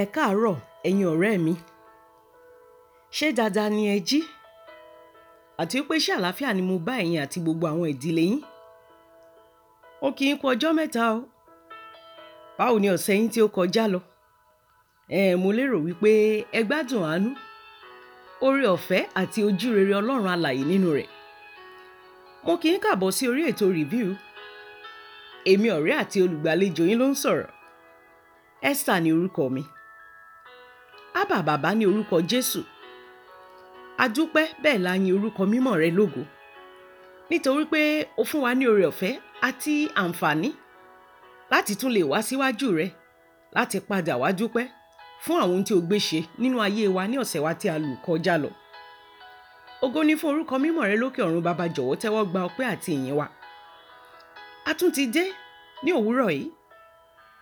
Ẹ káàárọ̀ ẹ̀yin ọ̀rẹ́ mi. Ṣé dáadáa ni ẹ jí? Àti wípé ṣé àlàáfíà ni mo bá ẹ̀yin àti gbogbo àwọn ìdílé yín? Mo kí yín kú ọjọ́ mẹ́ta o. Báwo ni ọ̀sẹ̀ yín tí ó kọjá lọ? Ẹ̀ mo lérò wípé ẹ gbádùn àánú, oore ọ̀fẹ́ àti ojú rere Ọlọ́run alààyè nínú rẹ̀. Mo kí yín káàbọ̀ sí orí ètò review. Èmi ọ̀rẹ́ àti olùgbàlejò yín ló ń sọ̀rọ̀. Esther ni orúkọ mi ábà bàbá ní orúkọ jésù adúpẹ́ bẹ́ẹ̀ la yin orúkọ mímọ́ rẹ lógo nítorí pé o fún wa ní oore ọ̀fẹ́ àti àǹfààní láti tún lè wá síwájú rẹ láti padà wá dúpẹ́ fún àwọn tí o gbé ṣe nínú ayé wa ní ọ̀sẹ̀ wa tí a lù kọjá lọ ògo ni fún orúkọ mímọ́ rẹ lókè ọ̀run bàbá jọ̀wọ́ tẹ́wọ́ gba ọpẹ́ àti ìyìn wa a tún ti dé ní òwúrọ̀ yìí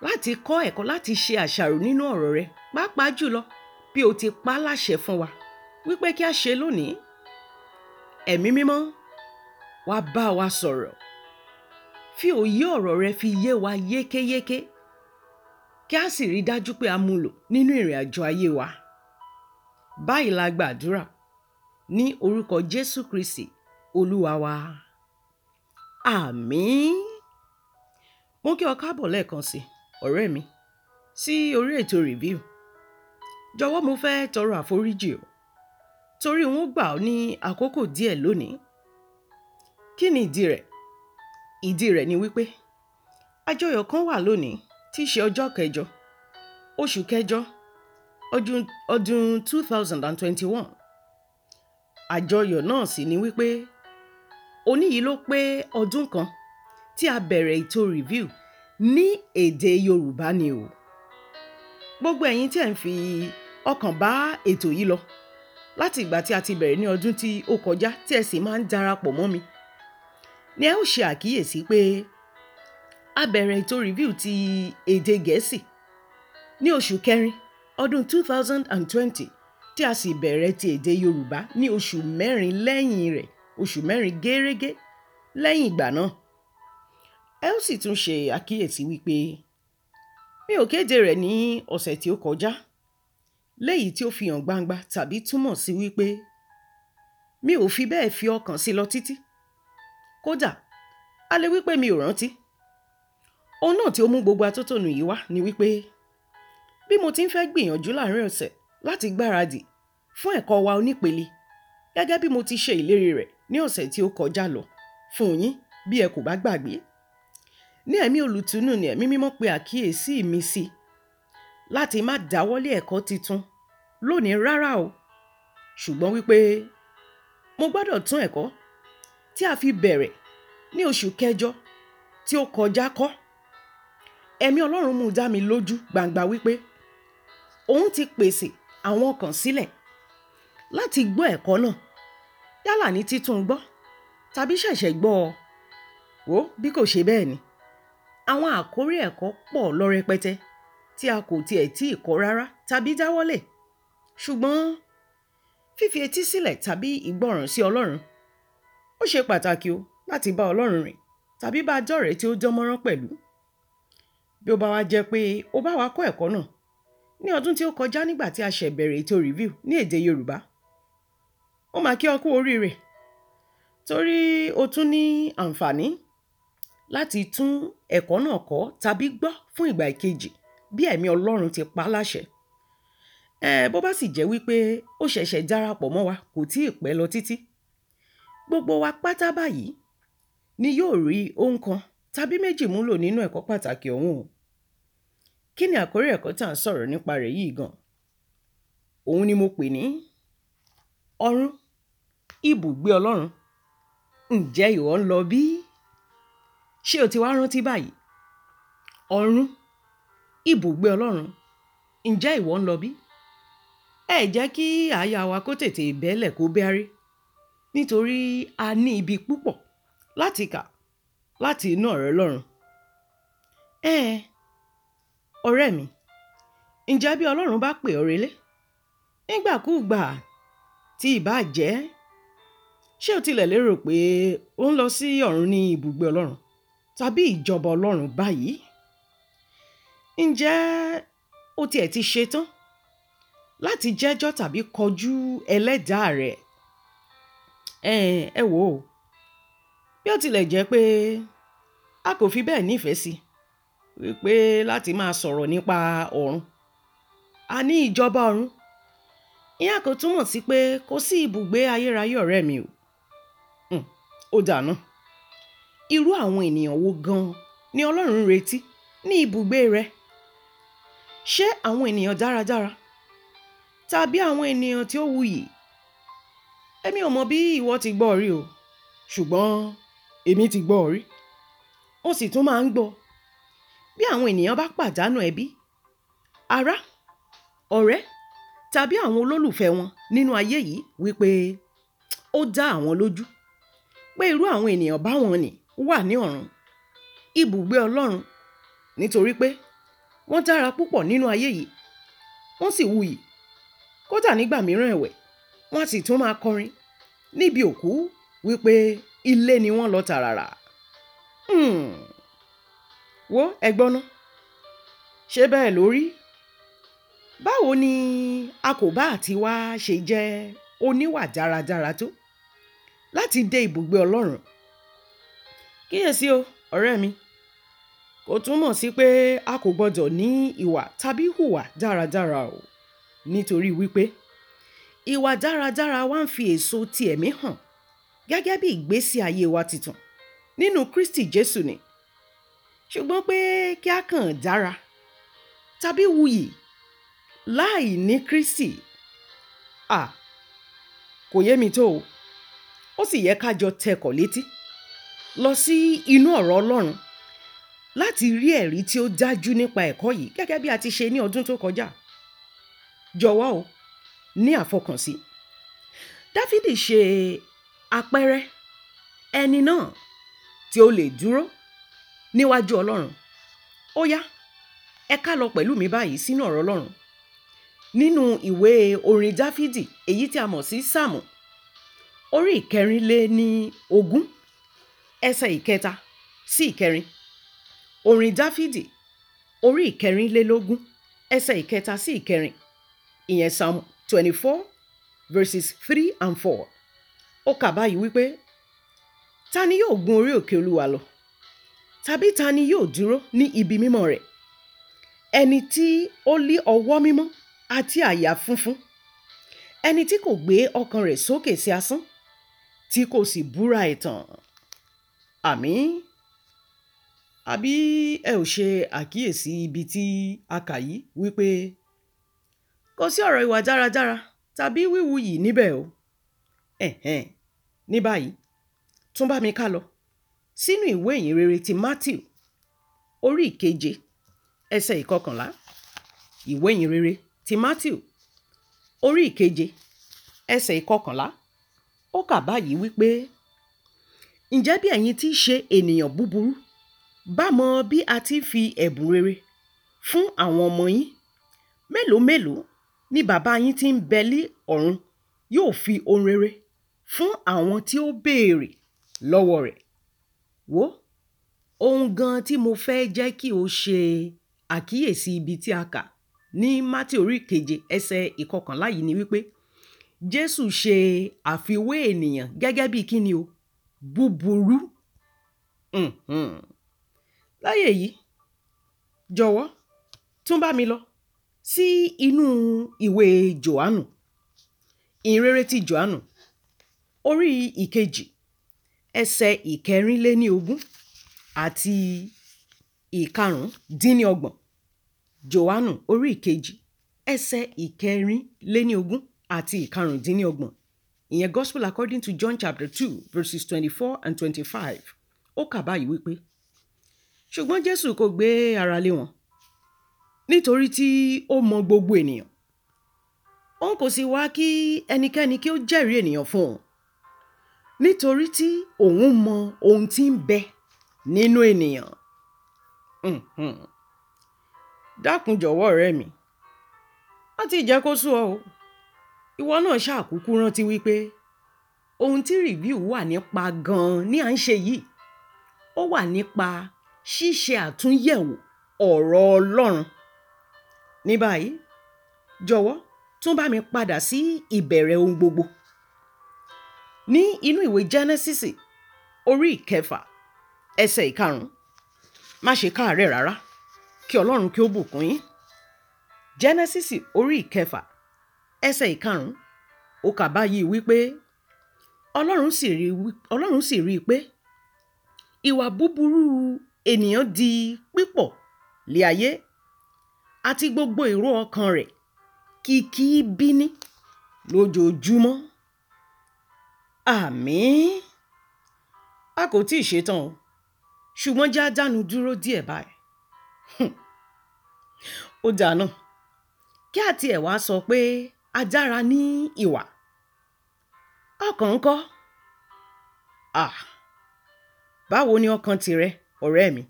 láti kọ́ ẹ̀kọ́ láti ṣe àṣàrò nínú ọ̀rọ̀ rẹ pàápàá jùlọ bí o ti pa á láṣẹ fún wa wípé kí a ṣe lónìí ẹ̀mí mímọ́ wá bá wa sọ̀rọ̀ fi òye ọ̀rọ̀ rẹ fi yé wa yékéyéké kí a sì rí dájú pé a mú lò nínú ìrìn àjò ayé wa báyìí la gbàdúrà ní orúkọ Jésù Kristi olúwa wa àmín mo kí ọ káàbọ̀ lẹ́ẹ̀kan sí ọ̀rẹ́ mi sí orí ètò review jọ̀wọ́ mo fẹ́ tọrọ àforíjì o torí wọn gbà ọ́ ní àkókò díẹ̀ lónìí kí ni ìdí rẹ̀ ìdí rẹ̀ ni wípé àjọyọ̀ kan wà lónìí tí í ṣe ọjọ́ kẹjọ oṣù kẹjọ ọdún two thousand and twenty-one àjọyọ̀ náà sì ni wípé òní yìí ló pé ọdún kan tí a bẹ̀rẹ̀ ètò review ní èdè Yorùbá ni o gbogbo ẹ̀yin tẹ̀ ń fi ọkàn bá ètò yìí lọ láti ìgbà tí a ti bẹ̀rẹ̀ ní ọdún tí ó kọjá tí ẹ sì máa ń darapọ̀ mọ́ mi ni ẹ ó ṣe àkíyèsí pé a bẹ̀rẹ̀ ètò review ti èdè gẹ̀ẹ́sì ní oṣù kẹrin ọdún 2020 tí a sì bẹ̀rẹ̀ ti èdè yorùbá ní oṣù mẹ́rin lẹ́yìn rẹ̀ oṣù mẹ́rin gẹ́rẹ́gẹ́ lẹ́yìn ìgbà náà ẹ ó sì tún ṣe àkíyèsí wípé mi ò kéde rẹ̀ ní ọ̀sẹ̀ tí ó kọjá léyìí tí ó fi hàn gbangba tàbí túmọ̀ sí wípé mi ò fi bẹ́ẹ̀ fi ọkàn sí lọ títí kódà a lè wípé mi ò rántí ohun náà tí ó mú gbogbo atótónu yìí wá ni wípé bí mo ti ń fẹ́ gbìyànjú láàrin ọ̀sẹ̀ láti gbáradì fún ẹ̀kọ́ wa onípele gẹ́gẹ́ bí mo ti ṣe ìlérí rẹ̀ ní ọ̀sẹ̀ tí ó kọjá lọ fún yín bí ẹ kò bá gbàgbé ní ẹ̀mí olùtúnú ni ẹ̀mí mímọ́ pé àkíyèsí mi sí láti má dáwọ́lé ẹ̀kọ́ titun lónìí rárá o ṣùgbọ́n wípé mo gbọ́dọ̀ tún ẹ̀kọ́ tí a fi bẹ̀rẹ̀ ní oṣù kẹjọ tí ó kọjá kọ́ ẹ̀mí ọlọ́run mú dá mi lójú gbangba wípé òun ti pèsè àwọn ọkàn sílẹ̀ láti gbọ́ ẹ̀kọ́ náà yálà ní títún gbọ́ tàbí ṣẹ̀ṣẹ̀ gbọ́ ọ wò bí kò ṣe bẹ́ẹ̀ ni àwọn àkórí ẹ̀kọ́ pọ̀ lọ tí a kò tiẹ̀ tí ì kọ́ rárá tàbí dáwọ́lẹ̀ Ṣùgbọ́n fífi etí sílẹ̀ tàbí ìgbọràn sí Ọlọ́run, ó ṣe pàtàkì o láti bá Ọlọ́run rìn tàbí bá jọ́rẹ̀ẹ́ tí ó dánmọ́rán pẹ̀lú. Bí ó bá wá jẹ́ pé o bá wa kọ́ ẹ̀kọ́ náà ní ọdún tí ó kọjá nígbà tí a ṣẹ̀ bẹ̀rẹ̀ ètò review ní èdè Yorùbá, ó máa kí ọ kú oríire torí o tún ní àǹfààní láti tún ẹ̀kọ́ náà kọ́ tàbí gbọ́ fún ìgbà kejì bí ẹ̀mí Ọlọ́run ti pa á láṣẹ um bó bá sì jẹ́ wípé ó ṣẹ̀ṣẹ̀ darapọ̀ mọ́ wa kò tí ì pẹ́ lọ títí gbogbo wa pátá báyìí ni yóò rí ohun kan tàbí méjì múlò nínú ẹ̀kọ́ pàtàkì ọ̀hún o kí ni àkórí ẹ̀kọ́ tá à ń sọ̀rọ̀ nípa rẹ̀ yìí gan òun ni mo pè ní ọ̀run ibùgbé ọlọ́run ǹjẹ́ ìwọ ń lọ bí ṣé o ti wá rántí báyìí ọ̀run ibùgbé ọlọ́run ǹjẹ́ ìwọ ń lọ bí ẹ jẹ́ kí àyà wa kó tètè bẹ́lẹ̀ kó bẹ́rí nítorí a ní ibi púpọ̀ láti kà láti inú ọ̀rọ̀ Ọlọ́run. ẹ ọ̀rẹ́ mi ǹjẹ́ bí Ọlọ́run bá pè ọ́ relé nígbàkúùgbà tí ìbá jẹ́ ṣé o tilẹ̀ lérò pé ó ń lọ sí ọ̀run ní ibùgbé Ọlọ́run tàbí ìjọba Ọlọ́run báyìí ǹjẹ́ o tiẹ̀ ti ṣetán láti jẹ́jọ́ tàbí kọjú ẹlẹ́dàá rẹ̀ ẹ ẹ wò ó bí ó tilẹ̀ jẹ́ pé a kò fi bẹ́ẹ̀ nífẹ̀ẹ́ sí wípé láti máa sọ̀rọ̀ nípa ọ̀run a ní ìjọba ọ̀run ìyá kò túmọ̀ sí pé kò sí ibùgbé ayérayé ọ̀rẹ́ mi o hmm, ó dànù irú àwọn ènìyàn wo gan ni ọlọ́run retí ní ibùgbé rẹ̀ ṣé àwọn ènìyàn dáradára tàbí àwọn ènìyàn tí ó wuyì èmi ò mọ bí ìwọ ti gbọ́ rí o ṣùgbọ́n èmi ti gbọ́ rí ó sì tún máa ń gbọ́ bí àwọn ènìyàn bá pàdánù ẹbí ará ọ̀rẹ́ tàbí àwọn olólùfẹ́ wọn nínú ayé yìí wípé ó dá àwọn lójú pé irú àwọn ènìyàn báwọn ni wà ní ọ̀run ibùgbé ọlọ́run nítorí pé wọ́n dára púpọ̀ nínú ayé yìí wọ́n sì wuyì kódà nígbà mìíràn ẹ̀wẹ̀ wọ́n sì tún máa kọrin níbi òkú wípé ilé ni wọ́n lọ tààràrà. Hmm. wo ẹgbọ́n náà ṣé bẹ́ẹ̀ ló rí báwo ni a kò bá àti wá ṣe jẹ́ oníwà dáradára tó láti dé ibùgbé ọlọ́run kíyèsí o ọ̀rẹ́ mi kò túmọ̀ sí pé a kò gbọ́dọ̀ ní ìwà tàbí hùwà dáradára o nítorí wípé ìwà dáradára wa ń fi èso ti ẹ̀mí hàn gẹ́gẹ́ bí ìgbésí ayé wa titun nínú Kristi Jésù ni ṣùgbọ́n pé kí a kàn dára tàbí wuyì láì ní Kristi à kò yé mi tó o ó sì yẹ ká jọ tẹkọ̀ létí lọ sí inú ọ̀rọ̀ Ọlọ́run láti rí ẹ̀rí tí ó dájú nípa ẹ̀kọ́ yìí gẹ́gẹ́ bí a ti ṣe ní ọdún tó kọjá jọ̀wọ́ o ní àfọkànsí dáfídì ṣe àpẹẹrẹ ẹni náà tí ó lè dúró níwájú ọlọ́run ó yá ẹ ká lọ pẹ̀lú mi báyìí sínú ọ̀rọ̀ ọlọ́run nínú ìwé orin dáfídì èyí tí a mọ̀ sí sáàmù orí ìkẹrin lé ní ogún ẹsẹ̀ ìkẹta sí ìkẹrin orin dáfídì orí ìkẹrin lé lógún ẹsẹ̀ ìkẹta sí ìkẹrin ìyẹn psalm twenty four verses three and four ó kà báyìí wípé ta ni yóò gun orí òkè olúwa lọ tàbí ta ni yóò dúró ní ibi mímọ́ rẹ̀ ẹni tí ó lé ọwọ́ mímọ́ àti àyà funfun ẹni tí kò gbé ọkàn rẹ̀ sókè sí asán tí kò sì búra ẹ̀tàn àmì àbí ẹ ò ṣe àkíyèsí ibi tí a kà yìí wípé kò sí ọ̀rọ̀ ìwà járadára tàbí wíwuyì níbẹ̀ o ẹ̀hẹ́n ní báyìí tún bá mi ká lọ sínú ìwé ìyìn rere ti Matthew orí ìkeje ẹsẹ̀ ìkọkànlá ìwé ìyìn rere ti Matthew orí ìkeje ẹsẹ̀ ìkọkànlá ó kà báyìí wípé ǹjẹ́ bí ẹ̀yin ti ṣe ènìyàn búburú bá mọ bí a ti fi ẹ̀bùn rere fún àwọn ọmọ yín mélòó mélòó ni bàbá yín tí ń bẹ ní ọ̀run yóò fi ohun rere fún àwọn tí ó béèrè lọ́wọ́ rẹ̀. Wo ohun gan tí mo fẹ́ jẹ́ kí o ṣe àkíyèsí ibi tí a kà ní Mátí orí keje ẹsẹ̀ ìkọkànlá yìí ni wípé Jésù ṣe àfiwé ènìyàn gẹ́gẹ́ bí kíni o búburú. Mm-hmm. Láyé yìí jọ̀wọ́ tún bá mi lọ sí inú ìwé Jòhánù ìrere ti Jòhánù orí ìkejì ẹsẹ̀ ìkẹrìnléní ogún àti ìkarùndínlọ́gbọ̀n Jòhánù orí ìkejì ẹsẹ̀ ìkẹrìnléní ogún àti ìkarùndínlọ́gbọ̀n ìyẹn gospel according to John chapter two verses twenty-four and twenty-five ó kà báyìí wípé ṣùgbọ́n Jésù kò gbé ara lé wọn nítorí tí ó mọ gbogbo ènìyàn òun kò sì wá kí ẹnikẹ́ni kí ó jẹ́rìí ènìyàn fún òun nítorí tí òun mọ ohun tí ń bẹ nínú ènìyàn dákun jọ̀wọ́ ọ̀rẹ́ mi wọ́n ti jẹ́ kó sú ọ ìwọ náà ṣàkúkú rántí wípé ohun tí rìvíù wà nípa gan-an ní à ń ṣe yìí ó wà nípa ṣíṣe àtúnyẹ̀wò ọ̀rọ̀ Ọlọ́run ní báyìí jọ̀wọ́ tún bá mi padà sí ìbẹ̀rẹ̀ ohun gbogbo. ní inú ìwé Genesis orí ìkẹfà ẹsẹ̀ ìkarùn-ún má ṣe káàárẹ̀ rárá kí Ọlọ́run kí ó bùkún yín Genesis orí ìkẹfà ẹsẹ̀ ìkarùn-ún ó kà báyìí wípé Ọlọ́run sì rí Ọlọ́run sì rí i pé ìwà búburú ènìyàn di pípọ̀ lé ayé àti gbogbo ìró ọkàn rẹ̀ kìkì bíní lójoojúmọ́. àmín a kò tí ì ṣetán o ṣùgbọ́n já dánu dúró díẹ̀ báyìí. ó dáa kí àti ẹ̀ wá sọ pé a ní ìwà ọkàn ńkọ́ ah báwo ni ọkàn tirẹ̀ ọ̀rẹ́ mi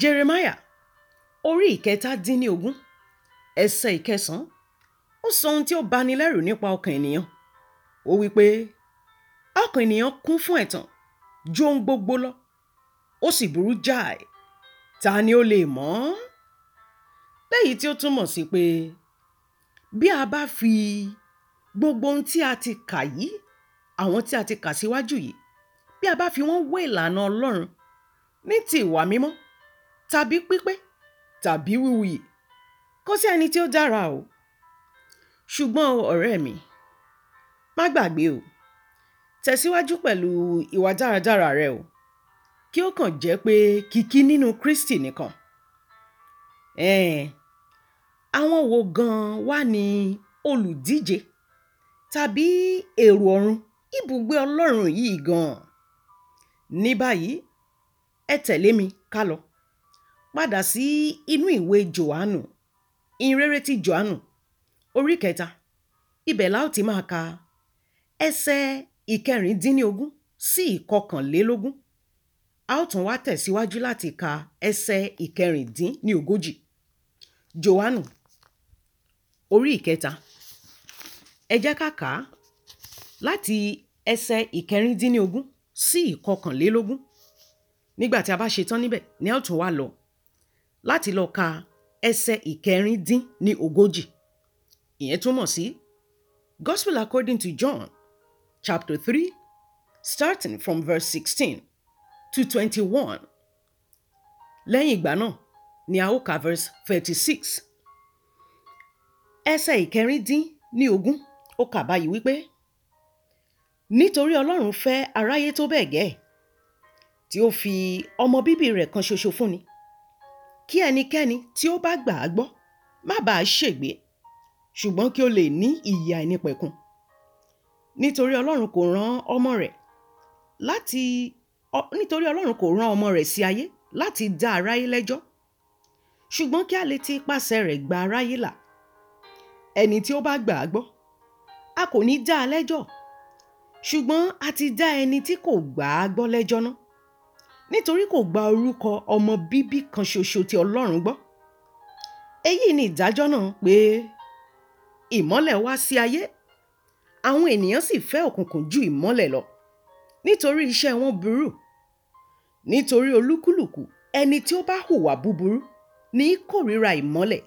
Jeremiah orí ìkẹta dín ní ogún ẹsẹ̀ ìkẹsàn-án ó sọ ohun tí ó bani lẹ́rù nípa ọkàn ènìyàn ó wí pé ọkàn ènìyàn kún fún ẹ̀tàn ju ohun gbogbo lọ ó sì burú jáì ta ni ó lè mọ̀ lẹ́yìn tí ó túmọ̀ sí pé bí a bá fi gbogbo ohun tí a ti kà yìí àwọn tí a ti kà síwájú yìí bí a bá fi wọ́n wé ìlànà Ọlọ́run ní ti ìwà mímọ́ tàbí pípé tàbí wíwì kò sí ẹni tí ó dára o ṣùgbọ́n ọ̀rẹ́ mi má gbàgbé o tẹ̀síwájú pẹ̀lú ìwà dáradára rẹ o kí ó kàn jẹ́ pé kìkì nínú Kristi nìkan ẹ̀ẹ́n àwọn wo gan-an wá ní olùdíje tàbí èrò ọ̀run ibùgbé Ọlọ́run yìí gan ní báyìí ẹ tẹ̀lé mi ká lọ padà sí inú ìwé Jòhánù ìrere ti Jòhánù orí kẹta ibẹ̀ la ó ti máa ka ẹsẹ̀ ìkẹrìndínlógún sí ìkọkànlélógún a ó tún wá tẹ̀síwájú láti ka ẹsẹ̀ ìkẹrìndínlógójì Jòhánù orí ìkẹta ẹ jẹ́ ká kà á láti ẹsẹ̀ ìkẹrìndínlógún sí ìkọkànlélógún nígbà tí a bá ṣetán níbẹ̀ ni a ó tún wá lọ láti lọ ka ẹsẹ̀ ìkẹrin dín ní ogójì ìyẹn túmọ̀ sí Gospel according to John chapter three starting from verse sixteen to twenty-one lẹ́yìn ìgbà náà ni a ó ka verse thirty-six ẹsẹ̀ ìkẹrin dín ní ogún ó kà báyìí wípé nítorí Ọlọ́run fẹ́ aráyé tó bẹ́ẹ̀ gẹ́ẹ́ tí ó fi ọmọ bíbí rẹ̀ kan ṣoṣo fún ni kí ẹnikẹ́ni tí ó bá gbà á gbọ́ má bàa ṣègbé ṣùgbọ́n kí ó lè ní ìyè àìnípẹ̀kun nítorí ọlọ́run kò rán ọmọ rẹ̀ láti nítorí ọlọ́run kò rán ọmọ rẹ̀ sí ayé láti dá aráyé lẹ́jọ́ ṣùgbọ́n kí a lè ti ipasẹ̀ rẹ̀ gba aráyé là ẹni tí ó bá gbà á gbọ́ a kò ní dá a lẹ́jọ́ ṣùgbọ́n a ti dá ẹni tí kò gbà á gbọ́ lẹ́jọ́ náà nítorí kò gba orúkọ ọmọ bíbí kan ṣoṣo ti Ọlọ́run gbọ́. Èyí ni ìdájọ́ náà pé ìmọ́lẹ̀ wá sí ayé àwọn ènìyàn sì fẹ́ òkùnkùn ju ìmọ́lẹ̀ lọ nítorí iṣẹ́ wọn burú nítorí olúkúlùkù ẹni tí ó bá hùwà búburú ní kórìíra ìmọ́lẹ̀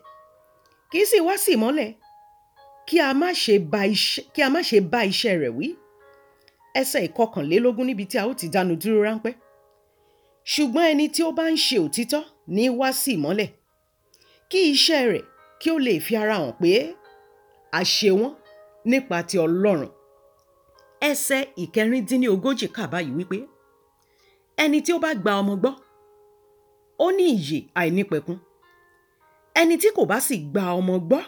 kì í sì wá sí ìmọ́lẹ̀ kí a má ṣe bá iṣẹ́ rẹ̀ wí ẹsẹ̀ ìkọkànlélógún níbi tí a ó ti dánu dúró ráńpẹ́ ṣùgbọ́n ẹni tí ó bá ń ṣe òtítọ́ ní wá sí ìmọ́lẹ̀ kí iṣẹ́ rẹ̀ kí ó lè fi ara hàn pé a ṣe wọ́n nípa ti Ọlọ́run ẹsẹ̀ ìkẹrìndínlógójì kà báyìí wípé ẹni tí ó bá gba ọmọ gbọ́ ó ní ìyè àìnípẹ̀kun ẹni tí kò bá sì gba ọmọ gbọ́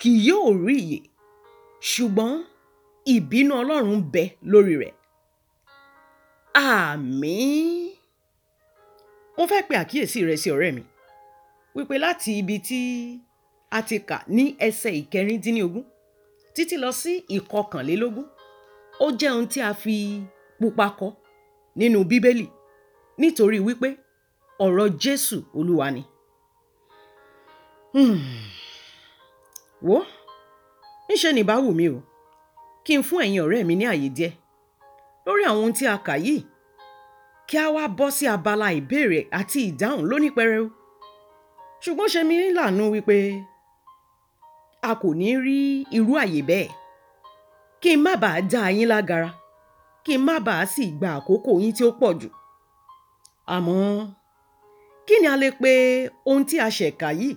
kì yóò rí ìyè ṣùgbọ́n ìbínú Ọlọ́run bẹ lórí rẹ̀ àmín. Ah, mo fẹ́ pe àkíyèsí rẹ sí ọ̀rẹ́ mi wípé láti ibi tí a ti kà ní ẹsẹ̀ ìkẹrìndínlógún títí lọ sí ìkọkànlélógún ó jẹ́ ohun tí a fi pupa kọ nínú bíbélì nítorí wípé ọ̀rọ̀ jésù olúwa ni. Hmm. wo ńṣe ní bá wù mí o kí n fún ẹ̀yin ọ̀rẹ́ mi ní àyè díẹ̀ lórí àwọn ohun tí a kà yìí kí a wá bọ́ sí abala ìbéèrè àti ìdáhùn lóní pẹrẹu ṣùgbọ́n ṣe mí láàánú wípé a kò ní rí irú àyè bẹ́ẹ̀ kí n má bàa dá yín lágara kí n má bàa sì gba àkókò yín tí ó pọ̀ jù àmọ́ kí ni a lè pe ohun tí a ṣẹ̀ka yìí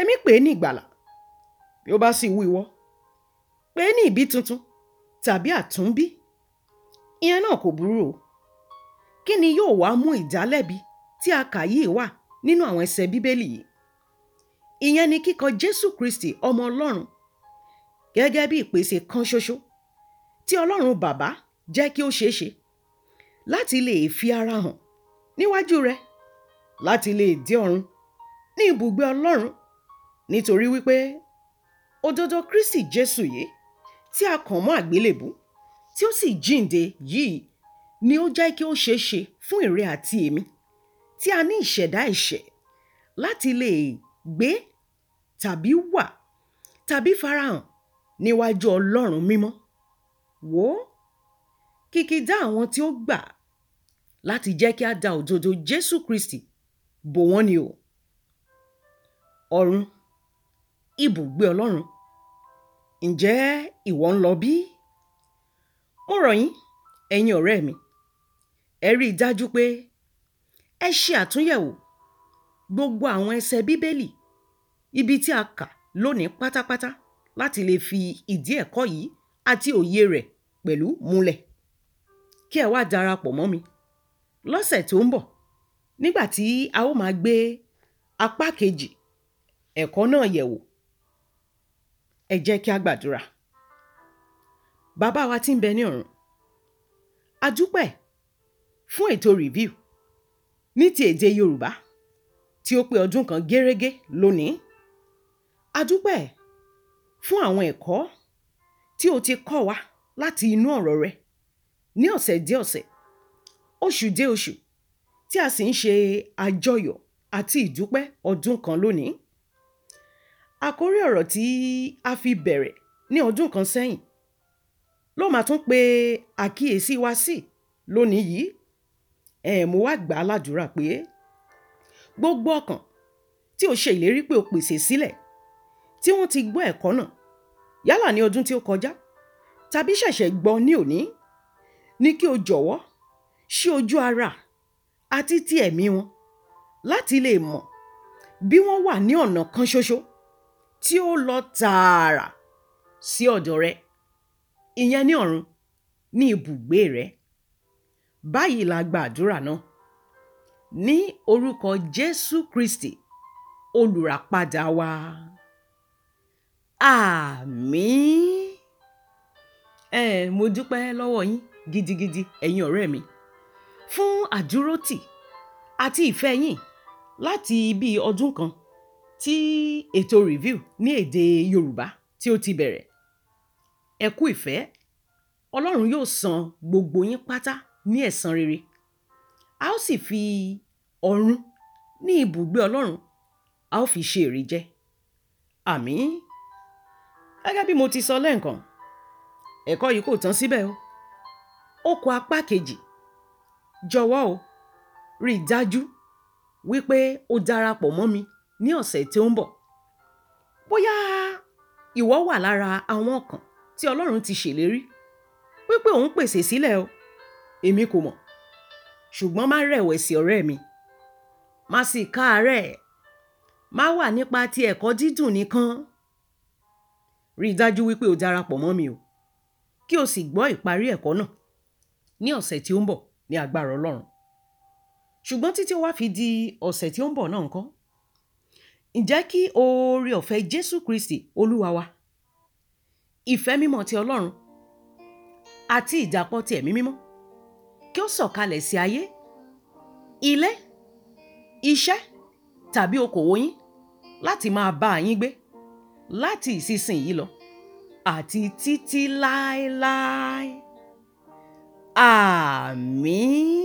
èmi pè é ní ìgbàlà bí ó bá sì wú ìwọ pè é ní ìbí tuntun tàbí àtúnbí ìyẹn náà kò burú o kí ni yóò wá mú ìdálẹ́bi tí a kà yìí wà nínú àwọn ẹsẹ̀ bíbélì yìí ìyẹn ni kíkọ̀ jésù kristi ọmọ ọlọ́run gẹ́gẹ́ bí ìpèsè kan ṣoṣo tí ọlọ́run bàbá jẹ́ kí ó ṣeé ṣe láti lè fi ara hàn níwájú rẹ̀ láti lè dé ọ̀run ní ibùgbé ọlọ́run nítorí wípé òdodo kristi jésù yìí tí a kàn mọ́ àgbélébú tí ó sì jíǹde yìí ni ó jẹ́ kí ó ṣeé ṣe fún èrè àti èmi tí a ní ìṣẹ̀dá ẹ̀ṣẹ̀ láti lè gbé tàbí wà tàbí farahàn níwájú Ọlọ́run mímọ́ wò ó kìkìdá àwọn tí ó gbà láti jẹ́ kí a da òdodo Jésù Kristi bò wọ́n ni o ọ̀run ibùgbé Ọlọ́run ǹjẹ́ ìwọ ń lọ bí? mo rọ̀ yín ẹ̀yin ọ̀rẹ́ mi ẹ rí i dájú pé ẹ ṣe àtúnyẹ̀wò gbogbo àwọn ẹsẹ̀ bíbélì ibi tí a kà lónìí pátápátá láti lè fi ìdí ẹ̀kọ́ yìí àti òye rẹ̀ pẹ̀lú múlẹ̀ kí ẹ wá darapọ̀ mọ́ mi lọ́sẹ̀ tó ń bọ̀ nígbà tí a ó máa gbé apá kejì ẹ̀kọ́ náà yẹ̀wò ẹ jẹ́ kí a gbàdúrà bàbá wa tí ń bẹ ní ọ̀run a dúpẹ́ fún ètò review ní ti èdè Yorùbá tí ó pé ọdún kan gérégé lónìí a dúpẹ́ fún àwọn ẹ̀kọ́ tí o ti kọ́ wa láti inú ọ̀rọ̀ rẹ ní ọ̀sẹ̀ dé ọ̀sẹ̀ oṣù dé oṣù tí a sì ń ṣe àjọyọ̀ àti ìdúpẹ́ ọdún kan lónìí àkórí ọ̀rọ̀ tí a fi bẹ̀rẹ̀ ní ọdún kan sẹ́yìn ló máa tún pe àkíyèsí wa sí lónìí yìí ẹ̀ mo wá gbà á ládùúrà pé gbogbo ọkàn tí o ṣe ìlérí pé o pèsè sílẹ̀ tí wọ́n ti gbọ́ ẹ̀kọ́ náà yálà ní ọdún tí ó kọjá tàbí ṣẹ̀ṣẹ̀ gbọ́ ní òní ní kí o jọ̀wọ́ ṣí ojú ara àti ti ẹ̀mí wọn láti lè mọ̀ bí wọ́n wà ní ọ̀nà kan ṣoṣo tí ó lọ tààrà sí ọ̀dọ̀ rẹ ìyẹn ní ọ̀run ní ibùgbé rẹ. Báyìí la gba àdúrà náà. Ní orúkọ Jésù Kristi, olùràpadà wa. Àmín. Ẹ mo dúpẹ́ lọ́wọ́ yín gidigidi ẹ̀yin ọ̀rẹ́ mi fún àdúrótì àti ìfẹ́ yín láti ibi ọdún kan tí ètò review ní èdè Yorùbá tí ó ti bẹ̀rẹ̀. Ẹ kú ìfẹ́, Ọlọ́run yóò san gbogbo yín pátá ní ẹ̀san rere a ó sì fi ọ̀run ní ibùgbé ọlọ́run a ó fi ṣe èrè jẹ àmín gẹ́gẹ́ bí mo ti sọ lẹ́ǹkan ẹ̀kọ́ yìí kò tán síbẹ̀ o ó kọ apá kejì jọ̀wọ́ o rí i dájú wípé o darapọ̀ mọ́ mi ní ọ̀sẹ̀ tí ó ń bọ̀ bóyá ìwọ wà lára àwọn kan tí ọlọ́run ti ṣèlérí wípé òun pèsè sílẹ̀ o èmi kò mọ̀ ṣùgbọ́n má rẹ̀wẹ̀sì ọ̀rẹ́ mi má sì káàárẹ̀ má wà nípa ti ẹ̀kọ́ dídùn nìkan rí i dájú wípé o darapọ̀ mọ́ mi o kí o sì gbọ́ ìparí ẹ̀kọ́ náà ní ọ̀sẹ̀ tí ó ń bọ̀ ní agbára ọlọ́run ṣùgbọ́n títí ó wá fi di ọ̀sẹ̀ tí ó ń bọ̀ náà ńkọ́ ǹjẹ́ kí oore ọ̀fẹ́ jésù kristi olúwa wa ìfẹ́ mímọ́ ti ọlọ́run àti ìdàpọ̀ ti ẹ̀mí mímọ́ kí ó sọ̀kalẹ̀ sí ayé ilé iṣẹ́ tàbí okòwò yín láti máa bá yín gbé láti ìsinsìnyí lọ àti títí láéláé àmín.